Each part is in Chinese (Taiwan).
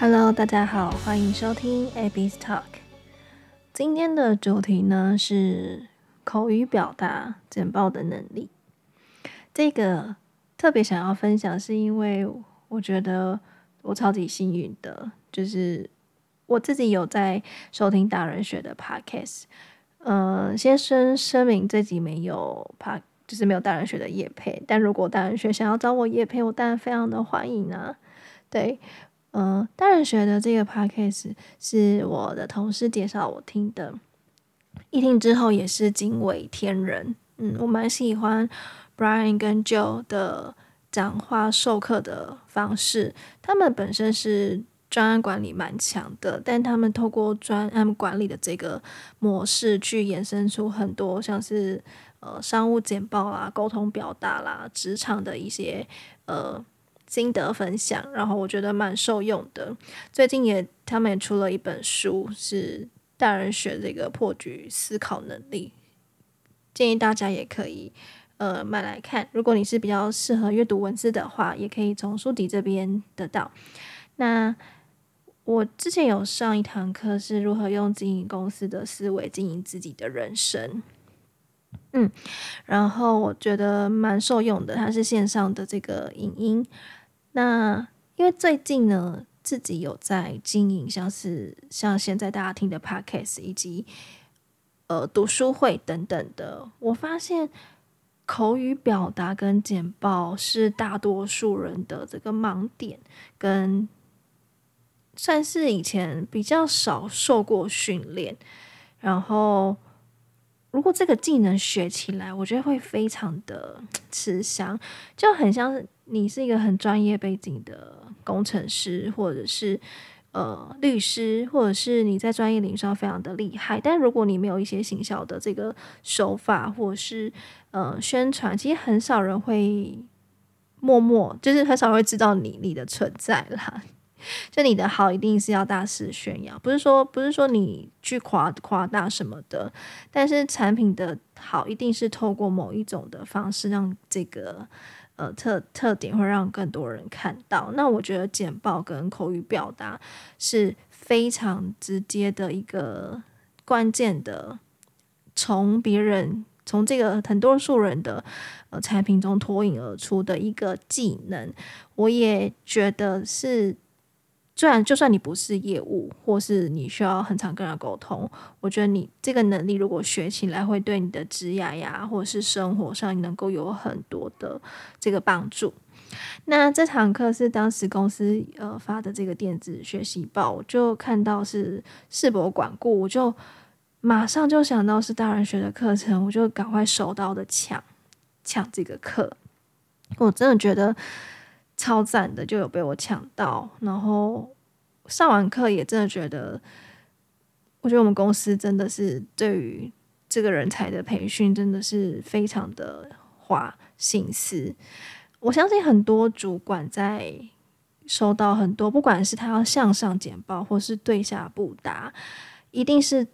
Hello，大家好，歡迎收聽 Abby's Talk。今天的主題呢是口語表達簡報的能力。這個特別想要分享，是因為我覺得我超級幸運的，就是我自己有在收聽大人學的 podcast、呃。嗯，先生聲明，自己沒有 pod，就是沒有大人學的業配。但如果大人學想要找我業配，我當然非常的歡迎啊。對。嗯、呃，大人學的這個 podcast 是我的同事介紹我聽的，一聽之後也是驚為天人。嗯，我蠻喜歡 Brian 跟 Joe 的講話授課的方式，他們本身是專案管理蠻強的，但他們透過專案管理的這個模式去延伸出很多像是呃商務簡報啦、溝通表達啦、職場的一些呃。心得分享，然後我覺得蠻受用的。最近也他們也出了一本書，是《大人學這個破局思考能力》，建議大家也可以呃買來看。如果你是比較適合閱讀文字的話，也可以從書籍這邊得到。那我之前有上一堂課，是如何用經營公司的思維經營自己的人生。嗯，然後我覺得蠻受用的，它是線上的這個影音。那因為最近呢，自己有在經營，像是像現在大家聽的 podcast 以及呃讀書會等等的，我發現口語表達跟簡報是大多數人的這個盲點，跟算是以前比較少受過訓練，然後。如果這個技能學起來，我覺得會非常的吃香，就很像你是一個很專業背景的工程師，或者是呃律師，或者是你在專業領域上非常的厲害。但如果你沒有一些行銷的這個手法，或者是呃宣傳，其實很少人會默默，就是很少人會知道你，你的存在啦。就你的好一定是要大肆炫耀，不是說不是說你去誇誇大什麼的，但是產品的好一定是透過某一種的方式讓這個呃特特點會讓更多人看到。那我覺得簡報跟口語表達是非常直接的一個關鍵的，從別人從這個很多數人的呃產品中脫穎而出的一個技能，我也覺得是。雖然就算你不是業務，或是你需要很常跟人溝通，我覺得你這個能力如果學起來，會對你的職涯呀，或者是生活上你能夠有很多的這個幫助。那這堂課是當時公司呃發的這個電子學習報，我就看到是世博管顧，我就馬上就想到是大人學的課程，我就趕快手刀地搶搶這個課。我真的覺得。超讚的，就有被我搶到。然後上完課也真的覺得，我覺得我們公司真的是對於這個人才的培訓真的是非常的花心思。我相信很多主管在收到很多，不管是他要向上簡報或是對下不答，一定是。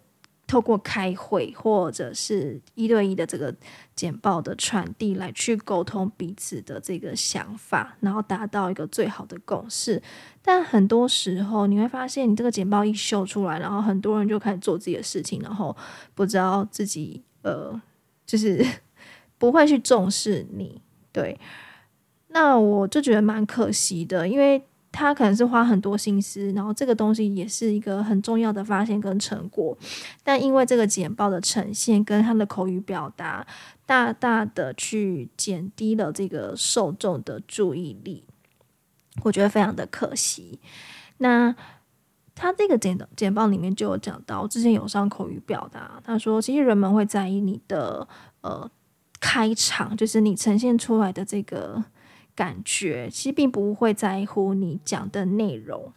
透過開會或者是一對一的這個簡報的傳遞來去溝通彼此的這個想法，然後達到一個最好的共識。但很多時候你會發現，你這個簡報一秀出來，然後很多人就開始做自己的事情，然後不知道自己呃，就是不會去重視你。對，那我就覺得蠻可惜的，因為。他可能是花很多心思，然後這個東西也是一個很重要的發現跟成果，但因為這個簡報的呈現跟他的口語表達，大大的去減低了這個受眾的注意力，我覺得非常的可惜。那他這個簡簡報裡面就有講到，之前有上口語表達，他說其實人們會在意你的呃開場，就是你呈現出來的這個。感覺其實並不會在乎你講的內容，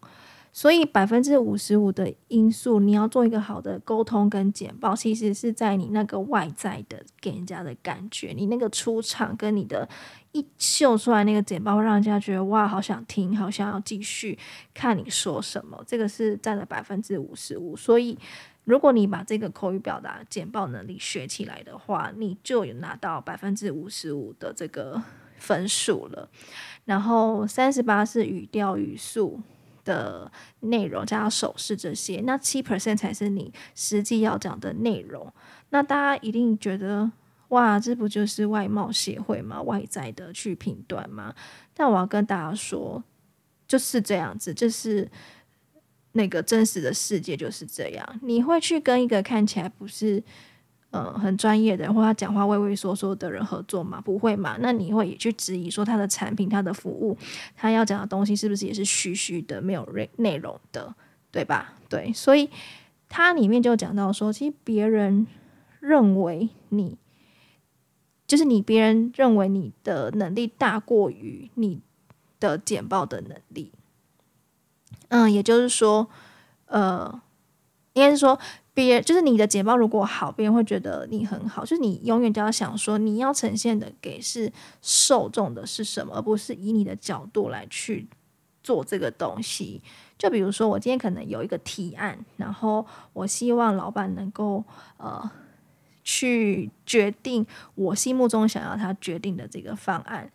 所以百分之五十五的因素，你要做一個好的溝通跟簡報，其實是在你那個外在的給人家的感覺，你那個出場跟你的一秀出來的那個簡報，讓人家覺得哇，好想聽，好想要繼續看你說什麼，這個是佔了百分之五十五。所以，如果你把這個口語表達簡報能力學起來的話，你就有拿到百分之五十五的這個。分數了，然後三十八是語調、語速的內容加上手勢這些，那七 percent 才是你實際要講的內容。那大家一定覺得哇，這不就是外貌協會嗎？外在的去評斷嗎？但我要跟大家說，就是這樣子，就是那個真實的世界就是這樣。你會去跟一個看起來不是，呃，很專業的人，或他講話畏畏縮縮的人合作嘛，不會嘛？那你會也去質疑說他的產品、他的服務、他要講的東西是不是也是虛虛的、沒有內容的，對吧？對，所以他裡面就講到說，其實別人認為你，就是你，別人認為你的能力大過於你的簡報的能力。嗯、呃，也就是說，呃，應該是說。就是你的簡報如果好，別人會覺得你很好。就是你永遠都要想說，你要呈現的給是受眾的是什麼，而不是以你的角度來去做這個東西。就比如說，我今天可能有一個提案，然後我希望老闆能夠呃去決定我心目中想要他決定的這個方案。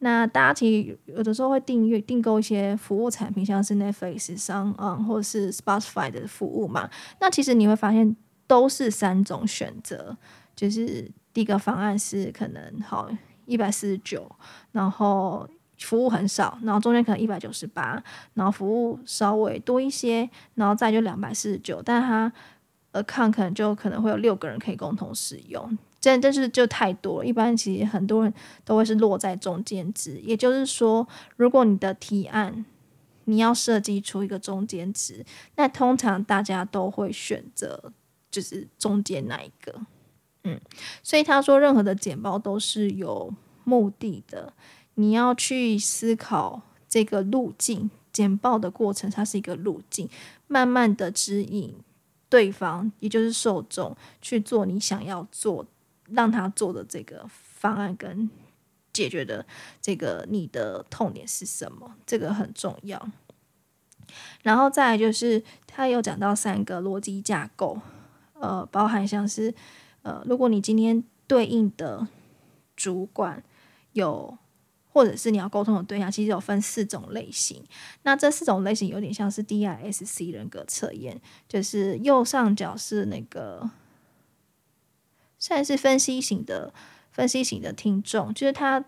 那大家其實有的時候會訂閱、訂購一些服務產品，像是 Netflix 上，啊、嗯，或者是 Spotify 的服務嘛。那其實你會發現都是三種選擇，就是第一個方案是可能好一百四十九，149, 然後服務很少，然後中間可能一百九十八，然後服務稍微多一些，然後再就兩百四十九，但它呃 account 可能就可能會有六個人可以共同使用。真的、就是就太多了，一般其實很多人都會是落在中間值，也就是說，如果你的提案，你要設計出一個中間值，那通常大家都會選擇就是中間那一個，嗯，所以他說任何的簡報都是有目的的，你要去思考這個路徑，簡報的過程它是一個路徑，慢慢的指引對方，也就是受眾去做你想要做的。讓他做的這個方案跟解決的這個你的痛點是什麼？這個很重要。然後再來就是，他有講到三個邏輯架構，呃，包含像是，呃，如果你今天對應的主管有，或者是你要溝通的對象，其實有分四種類型。那這四種類型有點像是 DISC 人格測驗，就是右上角是那個。現在是分析型的，分析型的聽眾，就是他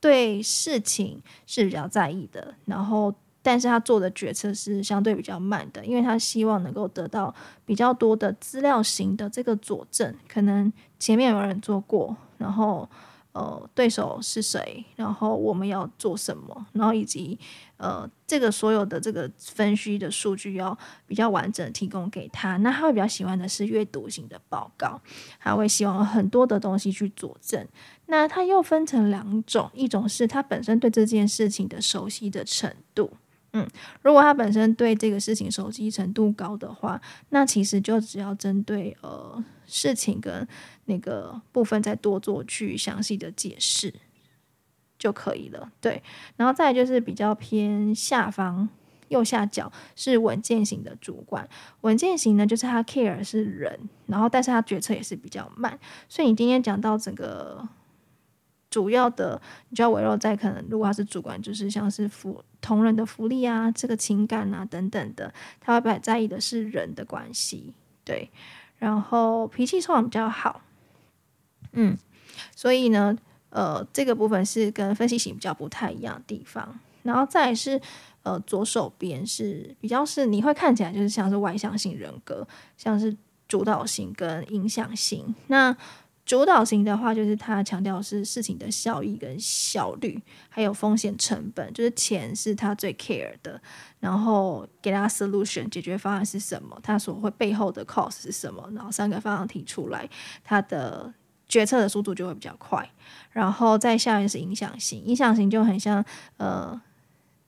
對事情是比較在意的，然後，但是他做的決策是相對比較慢的，因為他希望能夠得到比較多的資料型的這個佐證，可能前面有人做過，然後。呃，對手是誰？然後我們要做什麼？然後以及呃，這個所有的這個分析的數據要比較完整提供給他。那他會比較喜歡的是閱讀型的報告，他會希望很多的東西去佐證。那他又分成兩種，一種是他本身對這件事情的熟悉的程度。嗯，如果他本身對這個事情熟悉程度高的話，那其實就只要針對呃事情跟。那個部分再多做去詳細的解釋就可以了。對，然後再就是比較偏下方右下角是穩健型的主管。穩健型呢，就是他 care 是人，然後但是他決策也是比較慢。所以你今天講到整個主要的，你就要圍繞在可能，如果他是主管，就是像是福同仁的福利啊、這個情感啊等等的，他會不會在意的是人的關係？對，然後脾氣通常比較好。嗯，所以呢，呃，這個部分是跟分析型比較不太一樣的地方。然後再是，呃，左手邊是比較是你會看起來就是像是外向型人格，像是主導型跟影響型。那主導型的話，就是他強調是事情的效益跟效率，還有風險成本，就是錢是他最 care 的。然後給大家 solution 解決方案是什麼？他所會背後的 cost 是什麼？然後三個方案提出來他的。決策的速度就會比較快，然後再下面是影響型，影響型就很像呃，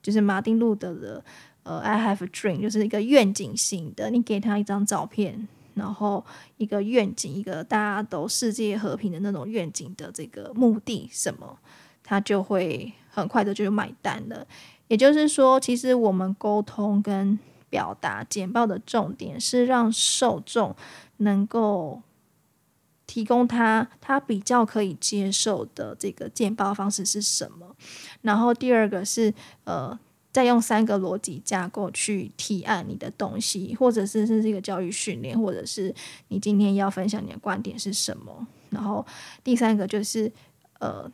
就是馬丁路德的呃 “I have a dream”，就是一個願景型的。你給他一張照片，然後一個願景，一個大家都世界和平的那種願景的這個目的什麼，他就會很快的就買單了。也就是說，其實我們溝通跟表達簡報的重點是讓受眾能夠。提供他，他比較可以接受的這個簡報方式是什麼？然後第二個是，呃，再用三個邏輯架構去提案你的東西，或者是是這個教育訓練，或者是你今天要分享你的觀點是什麼？然後第三個就是，呃，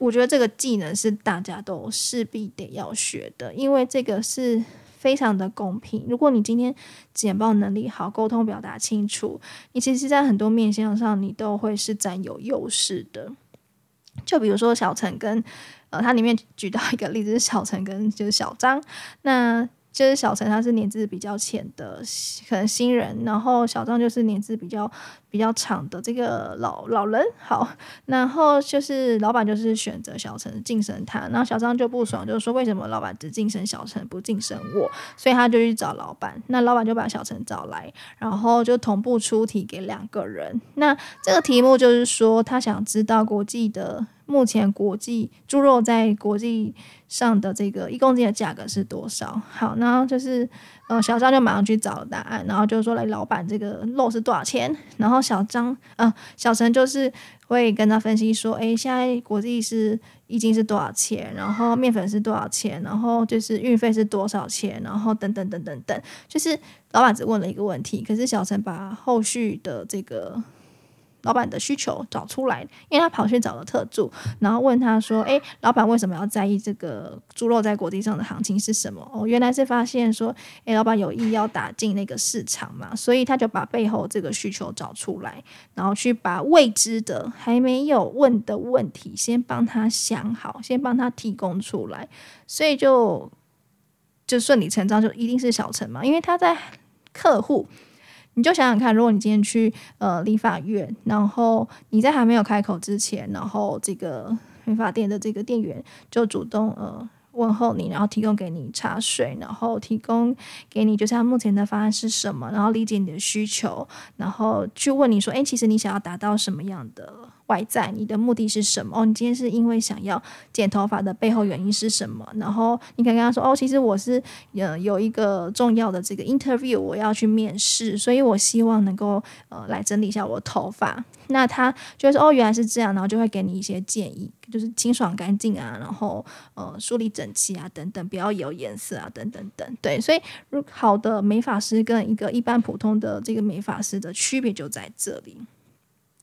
我覺得這個技能是大家都勢必得要學的，因為這個是。非常的公平。如果你今天簡報能力好，溝通表達清楚，你其實在很多面向上，你都會是佔有優勢的。就比如說小陳跟，呃，它裡面舉到一個例子是小陳跟就是小張，就是，那。就是小陳，他是年資比較淺的，可能新人；然後小張就是年資比較比較長的這個老老人。好，然後就是老闆就是選擇小陳晉升他，然後小張就不爽，就是說為什麼老闆只晉升小陳不晉升我？所以他就去找老闆。那老闆就把小陳找來，然後就同步出題給兩個人。那這個題目就是說，他想知道國際的目前國際豬肉在國際。上的這個一公斤的價格是多少？好，那就是，嗯、呃，小張就馬上去找了答案，然後就說：“來，老闆，這個肉是多少錢？”然後小張，嗯、呃，小陳就是會跟他分析說：“誒，現在國際是一斤是多少錢？然後麵粉是多少錢？然後就是運費是多少錢？然後等等等等等等，就是老闆只問了一個問題，可是小陳把後續的這個。”老闆的需求找出來，因為他跑去找了特助，然後問他說：“誒，老闆為什麼要在意這個豬肉在國際上的行情是什麼？”哦，原來是發現說，誒，老闆有意要打進那個市場嘛，所以他就把背後這個需求找出來，然後去把未知的還沒有問的問題先幫他想好，先幫他提供出來，所以就就順理成章就一定是小陳嘛，因為他在客戶。你就想想看，如果你今天去呃理髮院，然後你在還沒有開口之前，然後這個美髮店的這個店員就主動呃問候你，然後提供給你茶水，然後提供給你就是他目前的方案是什麼，然後理解你的需求，然後去問你說，哎，其實你想要達到什麼樣的？擺在你的目的是什麼？哦，你今天是因為想要剪頭髮的背後原因是什麼？然後你可以跟他說：“哦，其實我是呃有一個重要的這個 interview 我要去面試，所以我希望能夠呃來整理一下我的頭髮。”那他就會說：“哦，原來是這樣。”然後就會給你一些建議，就是清爽乾淨啊，然後呃梳理整齊啊，等等，不要有顏色啊，等等等。對，所以好的美髮師跟一個一般普通的這個美髮師的區別就在這裡。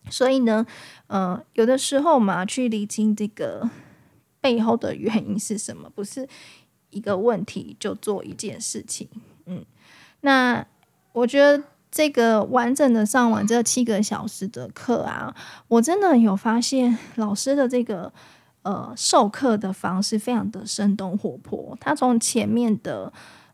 所以呢，呃，有的時候嘛，去理清這個背後的原因是什麼，不是一個問題就做一件事情。嗯，那我覺得這個完整的上完這七個小時的課啊，我真的有發現老師的這個呃授課的方式非常的生動活潑，他從前面的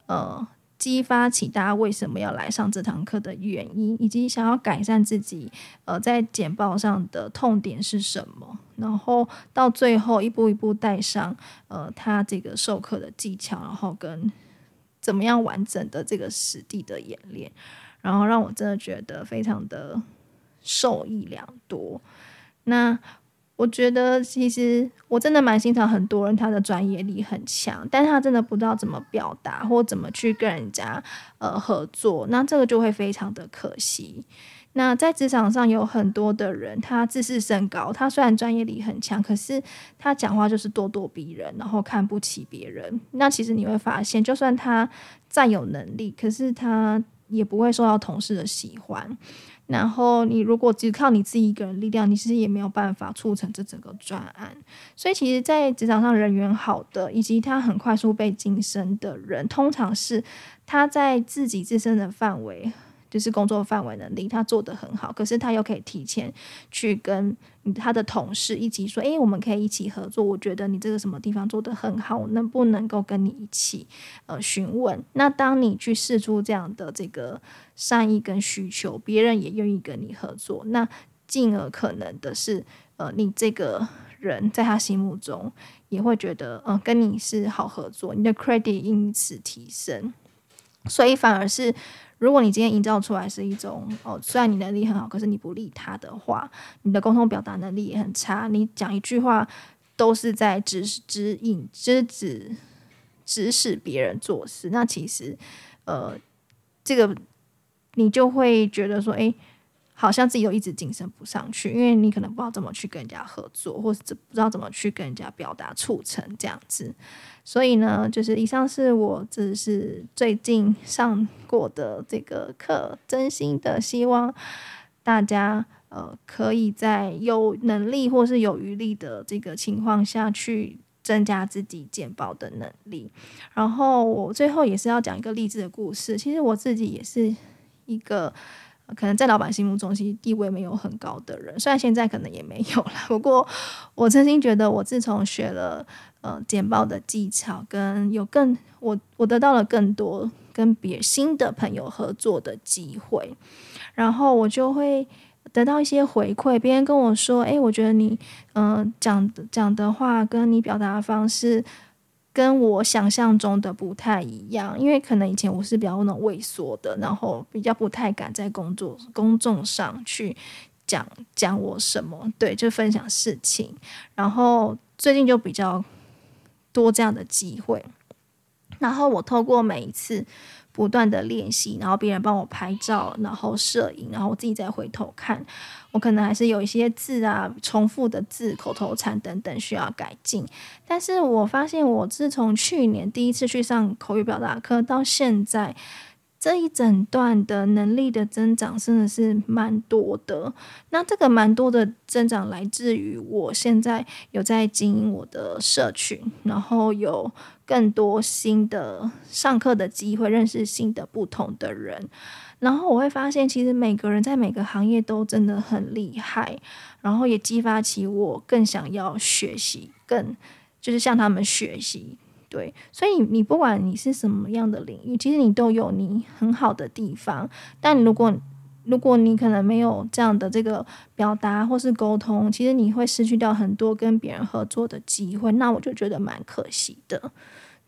呃。激發起大家為什麼要來上這堂課的原因，以及想要改善自己，呃，在簡報上的痛點是什麼？然後到最後一步一步帶上，呃，他這個授課的技巧，然後跟怎麼樣完整的這個實地的演練，然後讓我真的覺得非常的受益良多。那我覺得其實我真的蠻欣賞很多人，他的專業力很強，但他真的不知道怎麼表達，或怎麼去跟人家呃合作，那這個就會非常的可惜。那在職場上有很多的人，他自視甚高，他雖然專業力很強，可是他講話就是咄咄逼人，然後看不起別人。那其實你會發現，就算他再有能力，可是他也不會受到同事的喜歡。然後你如果只靠你自己一個人力量，你其實也沒有辦法促成這整個專案。所以其實，在職場上人緣好的，以及他很快速被晉升的人，通常是他在自己自身的範圍。就是工作範圍能力，他做得很好，可是他又可以提前去跟他的同事一起說：“誒、欸，我們可以一起合作。我覺得你這個什麼地方做得很好，能不能夠跟你一起呃詢問？”那當你去釋出這樣的這個善意跟需求，別人也願意跟你合作，那進而可能的是，呃，你這個人在他心目中也會覺得，嗯、呃，跟你是好合作，你的 credit 因此提升，所以反而是。如果你今天營造出來是一種哦，雖然你能力很好，可是你不利他的話，你的溝通表達能力也很差，你講一句話都是在指指引、指指、指使別人做事，那其實，呃，這個你就會覺得說，誒。好像自己又一直晉升不上去，因為你可能不知道怎麼去跟人家合作，或是不知道怎麼去跟人家表達促成這樣子。所以呢，就是以上是我只是最近上過的這個課，真心的希望大家呃可以在有能力或是有餘力的這個情況下去增加自己簡報的能力。然後我最後也是要講一個勵志的故事，其實我自己也是一個。可能在老闆心目中，其實地位沒有很高的人，雖然現在可能也沒有了。不過，我真心覺得，我自從學了呃簡報的技巧，跟有更我我得到了更多跟別新的朋友合作的機會，然後我就會得到一些回饋。別人跟我說，誒、欸，我覺得你嗯、呃、講講的話，跟你表達的方式。跟我想象中的不太一樣，因為可能以前我是比較那種畏縮的，然後比較不太敢在工作，公眾上去講講我什麼，對，就分享事情。然後最近就比較多這樣的機會，然後我透過每一次。不斷的練習，然後別人幫我拍照，然後攝影，然後我自己再回頭看，我可能還是有一些字啊，重複的字、口頭禪等等需要改進。但是我發現，我自從去年第一次去上口語表達課到現在。這一整段的能力的增長真的是蠻多的。那這個蠻多的增長來自於我現在有在經營我的社群，然後有更多新的上課的機會，認識新的不同的人。然後我會發現，其實每個人在每個行業都真的很厲害，然後也激發起我更想要學習，更就是向他們學習。對，所以你，你不管你是什麼樣的領域，其實你都有你很好的地方。但你如果，如果你可能沒有這樣的這個表達或是溝通，其實你會失去掉很多跟別人合作的機會。那我就覺得蠻可惜的。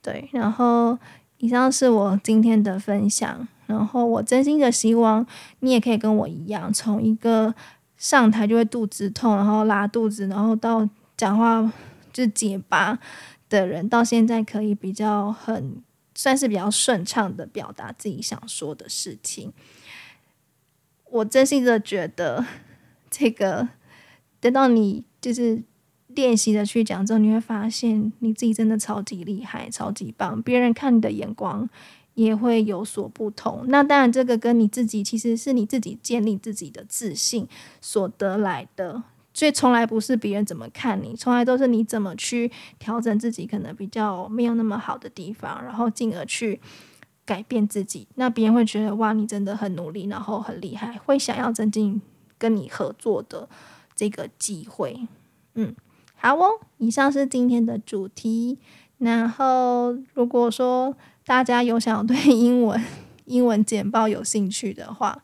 對，然後以上是我今天的分享。然後我真心的希望你也可以跟我一樣，從一個上台就會肚子痛，然後拉肚子，然後到講話就結巴，的人到現在可以比較很，算是比較順暢的表達自己想說的事情，我真心的覺得，這個等到你就是練習的去講之後，你會發現你自己真的超級厲害、超級棒，別人看你的眼光也會有所不同。那當然，這個跟你自己其實是你自己建立自己的自信所得來的。所以從來不是別人怎麼看你，從來都是你怎麼去調整自己，可能比較沒有那麼好的地方，然後進而去改變自己。那別人會覺得哇，你真的很努力，然後很厲害，會想要增進跟你合作的這個機會。嗯，好哦，以上是今天的主題。然後如果說大家有想要對英文，英文簡報有興趣的話，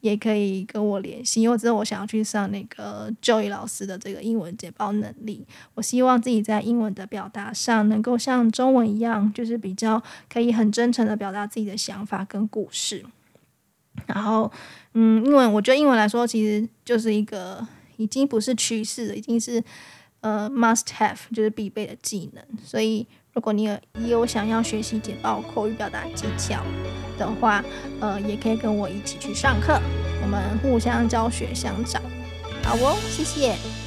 也可以跟我聯繫，因為這是我想要去上那個 Joy 老師的這個英文簡報能力。我希望自己在英文的表達上能夠像中文一樣，就是比較可以很真誠地表達自己的想法跟故事。然後，嗯，因為我覺得英文來說，其實就是一個已經不是趨勢了，已經是呃 must have，就是必備的技能，所以。如果你也有想要學習簡報口語表達技巧的話，呃，也可以跟我一起去上課，我們互相教學相長，好哦，謝謝。